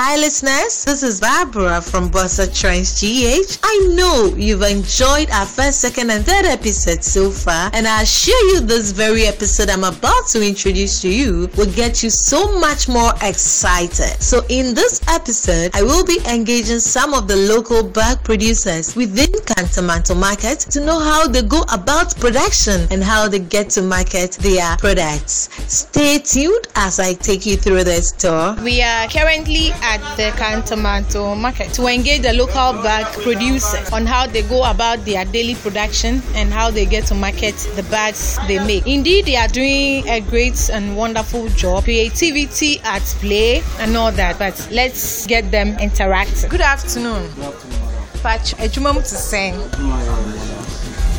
Hi, listeners. This is Barbara from Bossa Trends GH. I know you've enjoyed our first, second, and third episode so far, and I assure you this very episode I'm about to introduce to you will get you so much more excited. So, in this episode, I will be engaging some of the local bag producers within Cantamanto Market to know how they go about production and how they get to market their products. Stay tuned as I take you through this tour. We are currently at the Cantamanto market to engage the local bag producers on how they go about their daily production and how they get to market the bags they make. Indeed, they are doing a great and wonderful job. Creativity at play and all that, but let's get them interacting. Good afternoon. Good afternoon. Patch, to sing.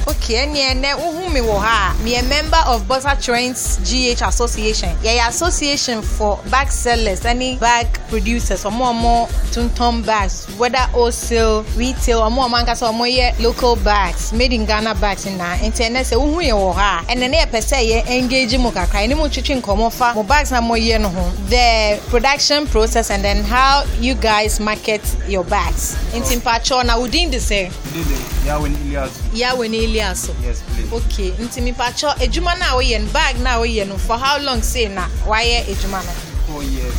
okay ɛne ɛnɛ wohu me wɔ ha a member of butter trends gh association yɛyɛ association for bag sellers ɛne bag producers ɔmo ɔmo tuntum bags whether wholesale retail ɔmo ɔmo ankasa ɔmo yɛ local bags made in ghana bags na nti ɛnɛ sɛ wohu yɛ wɔ ha a ɛnɛ ne yɛpɛ sɛ engage mu kakra ɛne mu twitwi nkɔmɔ fa mo bags na mo yɛ no ho the production process and then how you guys market your bags nti mpatsɔ na wodin de sɛ. yawɛ ni ilias. yawɛ ni ilias area so yes please okay nti mipakyɛ adwuma no a woyɛ no bag na a no for how long say na wayɛ adwuma no four years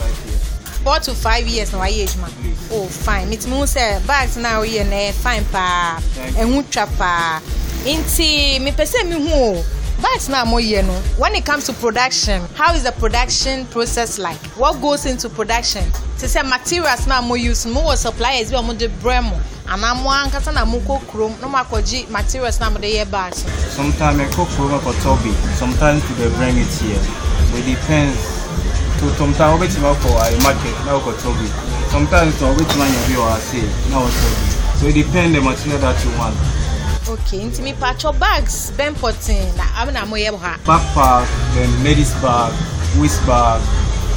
five years four to five years na wayɛ adwuma oh fine meti mu sɛ bags na a woyɛ no ɛyɛ eh, fine paa ɛho twa paa nti mepɛ sɛ mehu o bags na mo yɛ no when it comes to production how is the production process like what goes into production te sɛ materials na mo use mo wɔ suppliers bi a mo de brɛ mo anaa mo ankasa na mo kɔ kurom na mo akɔgye materials na mo de yɛ bags. sometimes i go kurom akɔtɔ bi sometimes they bring it here so it depends to sometimes wo bɛ ti ma kɔ ayi market na wo kɔtɔ bi sometimes na wo bɛ ti ma nya bi wɔ ase na wo tɔ bi so it depends the material that you want. okay nti mi pàtó bags bẹ́ẹ̀ pọ̀tìn na àmì na mo yẹ ha. backpack then ladies bag waist bag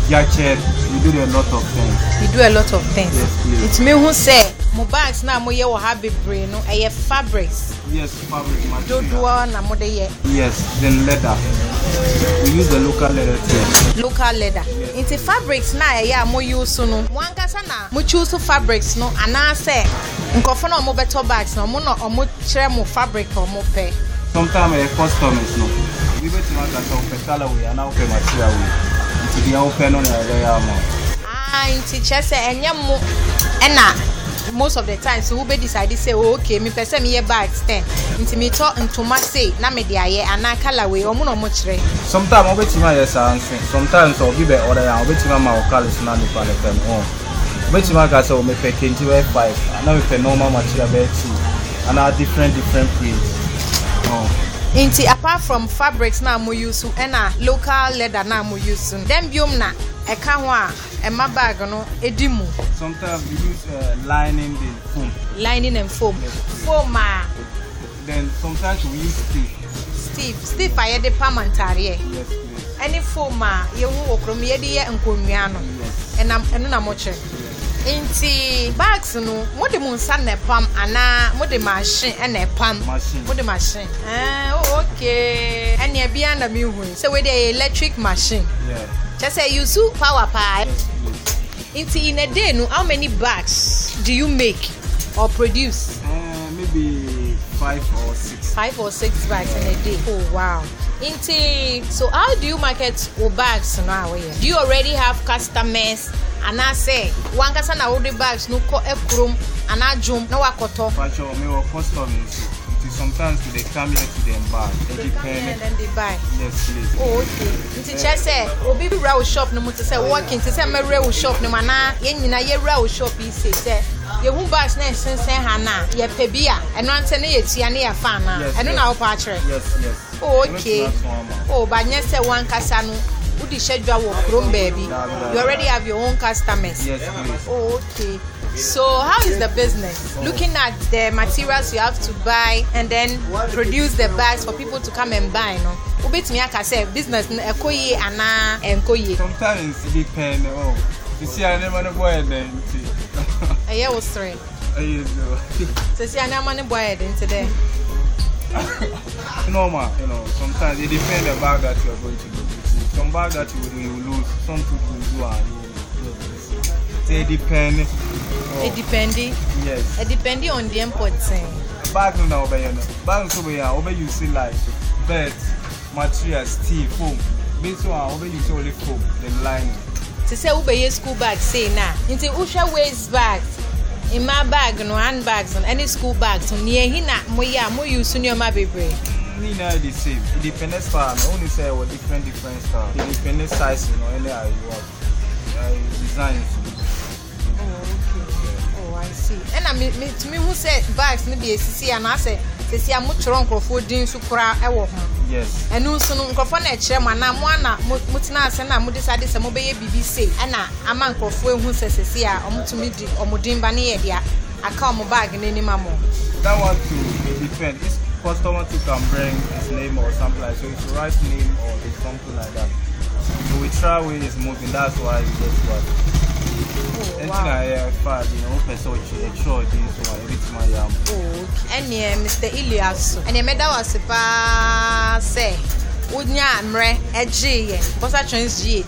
yachet we do a lot of things. we do a lot of things. yes please. nti mi hu sẹ mo bags na mo yɛ wɔ ha bebree no ɛyɛ fabrics. yes fabric material dodoɔ na mo de yɛ. yes then leather we use the local leather too. local leather yes. fabrics na ɛyɛ a mo use no mo ankasa na mo choose fabrics no anaasɛ nkɔfo na ɔmo bɛtɔ bags na ɔmo na ɔmo kyerɛ mo fabric ɔmo pɛ. sometimes ɛyɛ customers no ebi bɛ tuma kasa ɔpɛ colour wei anaa ɔpɛ material wei nti deɛ ɔpɛ no na ɛbɛyɛ ama. aa nti kyerɛ sɛ ɛnyɛ mo ɛna most of the time so wobɛ decide sɛ oh, ok mepɛ sɛ meyɛ bag ten nti metɔ ntoma sei na mede ayɛ anaa kalawei ɔmo na ɔmo kyerɛ sometime wobɛtumi oh. ayɛ saa nso sometimes ɔbi bɛ ɔdɛ a wobɛtumi ama wo kalos na nipa ne fam ɔ wobɛtumi aka sɛ womepɛ oh, kenti bɛyɛ five ana mepɛ normal material bɛyɛ two anaa different different print ɔ nti apart from fabrics na mo use ɛna uh, local leather na mo use dem biom na ɛka ho a ɛma bag no ɛdi mu. sometimes we use uh, lining the foam. lining and foam. Yes. foam a. Ah. then sometimes we use stiff. stiff stiff a ah, yɛde pam ntaareɛ. Eh. yes please. ɛne foam a ah, yɛhu wɔ kurom yɛde yɛ nkonnwa no. yes ɛnam ɛno na mo kyerɛ. nti bags no mo de mo nsa na ɛpam anaa mo de machine ɛna eh, ɛpam. machine mo de machine. ɛɛ ah, eh, oh, okay ɛnna ebi anam ihu sɛ wei de yɛ electric machine. Yes kyɛsɛ you su power paa nti in a day no how many bags do you make or produce. Uh, maybe five or six. five or six bags yeah. in a day oh wow. Inti, so how do you market your bags now? Do you already have customers? And I say, na hold bags no ko ekrom and I jump no wakotɔ. Pacho, me wɔ customers see sometimes they come here to them buy. They, they come here and then they buy. Yes, please. Oh, okay. Nti kyerɛ sɛ obi bi wura wo shop no mu te sɛ walking te sɛ mɛwura wo shop no mu anaa yɛn nyinaa yɛwura wo shop yi se sɛ yɛhu bags na ɛsensɛn ha na yɛpɛ bi a ɛno ante ne yɛtua ne yɛfa anaa ɛno na wopɛ akyerɛ. Yes, yes. Oh, okay. Oh, but nyɛ sɛ wankasa no wode hyɛ dwa wɔ kurom baabi you already have your own customers. Yes, please. Oh, okay. So, how is the business? Looking at the materials you have to buy and then produce the bags for people to come and buy, no? wobɛtumi aka sɛ business no ana yie anaa sometimes it pɛn Oh, you see, I never no bɔ yɛ dɛn nti. ɛyɛ wo sere. ɛyɛ do. sisi a nneɛma no bɔ yɛ dɛn nti normal you know sometimes it depend the bag that you are going to do some bag that you will, you will lose some people do are you know, It depends. It depending. Yes. It depending on the importing. Bag no na obey no. Bag so we are obey you see like bed, mattress, tea, foam. Me so are ah, obey you see only foam, then lining. Ti say obey school bag say na. Nti usha waist bag? In my bag no handbags and any school bags. Ni ehi na mo ya mo you use ma baby. Ni mm, na the same. It depends style. No only say what different different style. It depends size know. any I want. I design. Oh okay see ɛna me me tumi hu sɛ bags no bi esisi anaasɛ sisi a mo twerɛ nkurɔfoɔ din nso kora ɛwɔ ho yes ɛnu nso no nkurɔfoɔ na ɛkyerɛ mo anaa mo ana mo tena ase na mo de saa mo bɛyɛ biribi se ɛna ama nkurɔfoɔ ehu sɛ sisi a wɔn tumi di wɔn din ba ne yɛ dea aka wɔn bag n'anim ama that one too dey depend each customer too can bring his name or something like so it's right name or something like that so we try way he's moving that's why he just got it ɛneɛ mr iliaso ɛneɛ mɛda wo ase paa sɛ wonya mmerɛ gyee yɛn bosa trans gh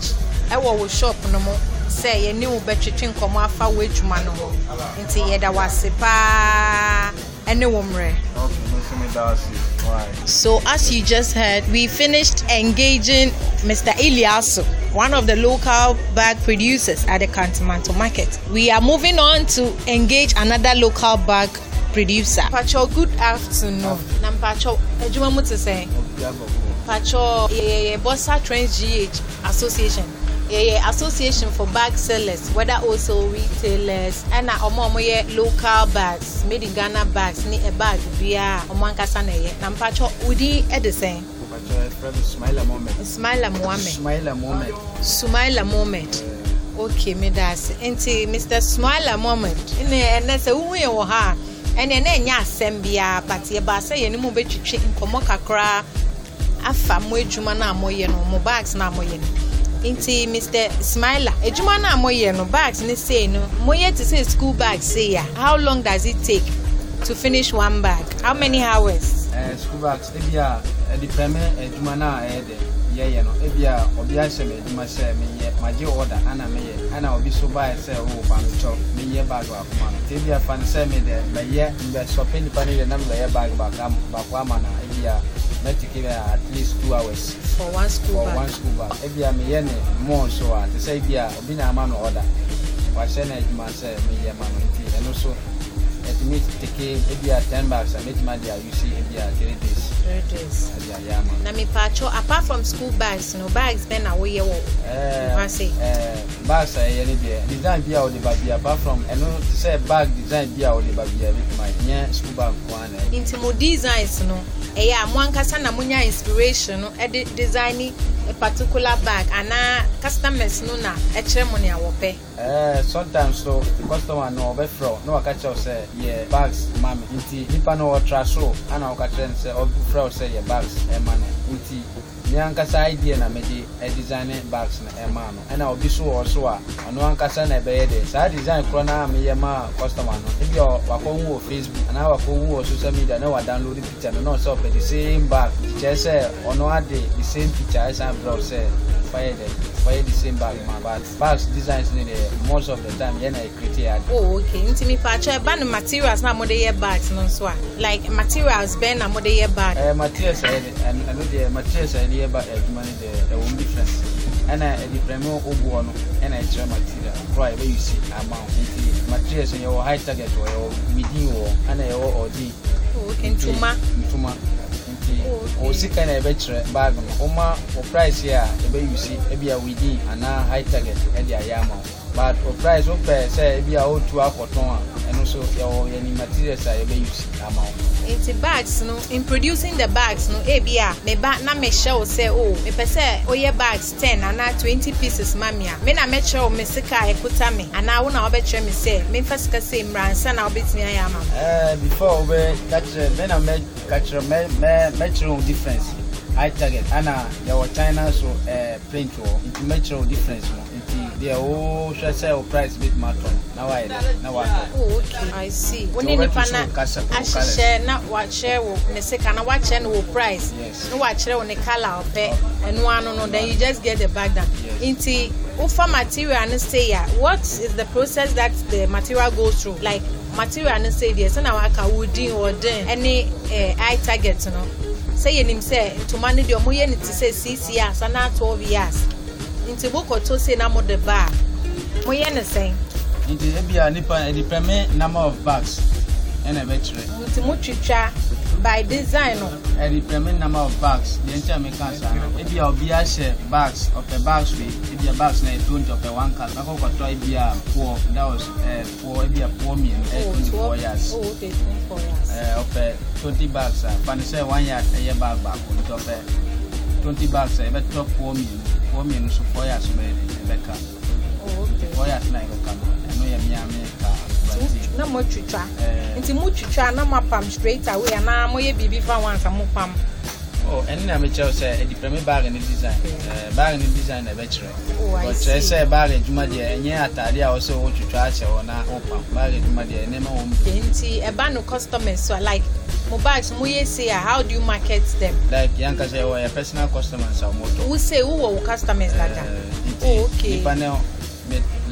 ɛwɔ wo shop no mu sɛ yɛne wo bɛtwetwe nkɔmmɔ afa wo adwuma no ho nti yɛda wo ase paa ɛne wo mmerɛ So, as you just heard, we finished engaging Mr. Iliaso one of the local bag producers at the Kantimanto market. We are moving on to engage another local bag producer. Pacho, good afternoon. Nam Pacho, Ejuma to say? Pacho, Bossa Trends GH Association. yɛyɛ association for bag sellers whether also retailers ɛna ɔmo ɔmo yɛ local bags made in ghana bags ne ɛbag biara ɔmo ankasa na ɛyɛ na mpatsɔ odi ɛde sɛn uh, from Smaila Mohammed. Smaila Mohammed. Smaila Mohammed. Smaila Mohammed. Okay, me that's nti Mr. Smaila Mohammed. Ɛnna ɛnna sɛ wuhu yɛ wɔ ha ɛnna ɛnna ɛnyɛ asɛm biara but yɛba sɛ yɛn mu bɛtwitwi nkɔmɔ kakra afa mo adwuma na mo yɛ no mo bags na mo yɛ no nti Mr. Smaila adwuma na mo yɛ no bags ne sei no mo yɛ te sɛ school bag sei ya how long does it take to finish one bag how many hours. Uh, school bags ebi ɛde pɛ eh, adwuma no a ɛyɛ eh, dɛ yɛyɛ no ebi a obi ahyɛ me adwuma sɛ meyɛ magye order ana meyɛ ana obi so bae sɛ o ba oh, meyɛ bag baako ma no nti ebi afa no sɛ me dɛ mɛyɛ mbɛsɔpe nipa no yɛ na mebɛyɛ bag baako ama no ebi a mɛtiki bɛ at least two hours for one school bag for one school bag ebi a meyɛ ne mɔɔ so a te sɛ ebi a obi na ama no order wahyɛ no adwuma sɛ meyɛ ma no nti ɛno so ɛtumi tiki ebi a ten bags a mɛtumi adi a you ebi a three days. days na mepatwo apart from school bags no bags bɛn na woyɛ wɔ ase bags a ɛyɛ no deɛ design bi a wode ba apart from ɛno sɛ bag design bi a wode ba bia bɛtuma nyɛ school bag ko na nti mo designs no ɛyɛ a mo ankasa na monya inspiration no ɛde eh, design a particular bag anaa customers no na a ceremony a wope. Eh. sometimes so the customer no ɔbɛfrɛ na waka kyerɛw sɛ yɛ bags mami. Inti nti nipa no wɔtra so ana wɔka kyerɛ no wɔfrɛ wo sɛ yɛ bags ɛma no nti me ankasa idea na mede ɛdesign bags no ɛma no ɛna obi so wɔ so a ɔno ankasa na ɛbɛyɛ de saa design korɔ no a meyɛ maa customer no ebi a wɔ facebook anaa wakɔhu wɔ social media na wadownload picture no na ɔsɛ ɔpɛ the same bag kyerɛ sɛ ɔno ade the same picture ɛsan brɛ wo sɛ fayɛ dɛ wɔyɛ the same bag ma but bags designs ne deɛ most of the time yɛn na ɛkriti ade. o ok nti mi paakyɛ ɛba no materials na mo de yɛ bags no nso a like materials bɛn na mo de yɛ bag. ɛɛ eh, materials ɛyɛ de ɛno deɛ materials ɛyɛ de yɛ bag adwuma ne deɛ ɛwɔ mu difference ɛna ɛdifrɛmi obuo no ɛna ɛkyerɛ material kora yɛ bɛ use ama ho nti materials yɛwɔ high target wɔ yɛwɔ midin wɔ ɛna yɛwɔ ɔdin. o oh, ok ntoma ntoma osika na ɛbɛkyerɛ bag no woma wɔ price a yusi ebi a within anaa high target ɛde ayɛ ama wo but wɔ price wopɛ sɛ ebi a wotu akɔtɔn a no so yɛwɔ yɛne materials a yɛbɛuse ama wo nti bags no in producing the bags no ebi a meba na mehyɛ wo sɛ o oh, mepɛ sɛ woyɛ oh, bags ten, anaa twenty pieces ma me a ah. me na mɛkyerɛ me sika a e ɛkuta me anaa wo na wobɛkyerɛ me sɛ memfa sika sɛ mmra na wobɛtumi ayɛ ama me eh, before wobɛka kyerɛ me na mɛka kyerɛ mɛkyerɛ wo difference high target ana yɛwɔ china so ɛɛ print wɔ nti mɛkyerɛ o difference no nti deɛ wohwɛ sɛ o price bi tuma tɔ na wayɛ dɛ na watɔ. o ok i see. wo ne nipa na ahyehyɛ na wakyerɛ wo ne sika na wakyerɛ no wo price. yes na wakyerɛ wo ne colour ɔpɛ ɛnu ano no then you just get the bag down. yes nti wofa material no say ya what is the process that the material go through like material no say deɛ sɛ na waka wo din wɔ den ɛne ɛɛ eye eh, target no sɛ yɛnim sɛ ntoma no deɛ ɔmoyɛ no te sɛ six years anaa twelve years nti mokɔto se na mode ba a moyɛ ne sɛn nti ebia nipa ɛde pɛ me number of bags ɛna ɛbɛkyerɛ nti motwitwa by design no. ẹ determine number of bags deɛ nkyɛn mi kan saa no ebi a obi ahyɛ bags ɔpɛ bags wei ebi a bags na yɛ twenty ɔpɛ one card bɛkɔ kɔtɔ ebi a four that was ɛɛ eh, four ebi a four mmienu ɛɛ twenty four years. ɛɛ twenty bags a panisɛ one yard ɛyɛ bag baako nti ɔpɛ twenty bags a ɛbɛtɔ four mmienu four mmienu so four years, yards ɛbɛka four yards na ɛbɛka no ɛno yɛ mmiamia kaa na mo twitwa nti mo twitwa na mo apam straight away na mo yɛ biribi fa wansa mo pam. o oh, ɛne na mekyerɛ wo sɛ adipɛme bag ne design eh, bag ne design na ɛbɛkyerɛ ɔkyerɛ oh, eh, sɛ bag adwuma deɛ ɛnyɛ atadeɛ a wɔ sɛ wɔtwitwa akyɛ wɔ na wopam bag adwuma deɛ nneɛma wɔ mu nti ɛba no customers so like mo bags mo yɛ se a how do you market them like yɛnka sɛ ɛwɔ yɛ personal customers a wɔmɔtɔ wo se wowɔ wo customers dada eh, oh, okay nipa ne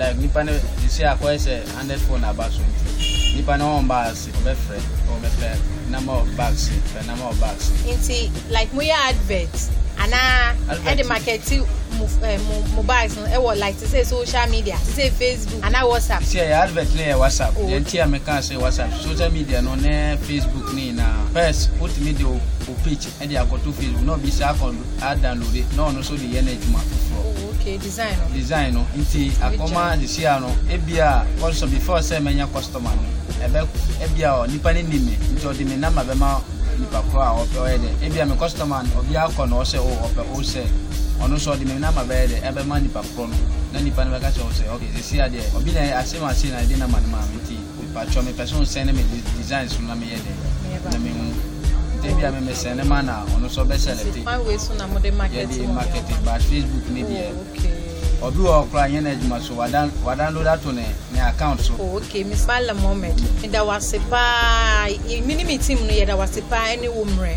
like nipa ne sisi akɔ ɛsɛ hundred phone aba so nti nipa ne wɔn baa se ɔbɛ frɛ ɔbɛ frɛ number of bags frɛ number of bags. nti like mo yɛ advert anaa ɛde makɛti mo ɛ eh, mo mo bags no ɛwɔ like ti sɛ social media ti sɛ facebook ana whatsapp. sɛ yɛ advert ne yɛ whatsapp yɛn oh. ti a mi kan sɛ whatsapp social media no ne facebook ne nyinaa first o ti mi de o o page ɛde akɔto facebook na o bi sɛ akɔ adownload na ɔno so de yɛ n'adwuma okay eh, design no design no nti akoma sisi ano ebia also before sɛ menya customer no ɛbɛ ebia nipa ne nim me nti ɔde me nama bɛma nipa koro a ɔpɛ ɔyɛ dɛ ebia me customer no obi akɔ na ɔsɛ o oh, ɔpɛ o oh, sɛ ɔno nso ɔde me nama bɛyɛ dɛ ɛbɛma nipa koro no na nipa no bɛka kyerɛ o sɛ de, sisi adeɛ obi na asɛm ase na ɛde nama no maa mi nti nipa kyerɛ mi pɛ so sɛn ne mi design na mi yɛ dɛ na mi hu ebi a mɛmɛ sɛn ne ma na ɔno nso bɛ sɛlɛte yɛde makɛte ba facebook ne deɛ obi wɔ ɔkora nyɛ no adwuma so wadanlo da to ne ne account so oh, ok miss bala mohammed meda paa mene team no yɛda wase paa ɛne wo mmerɛ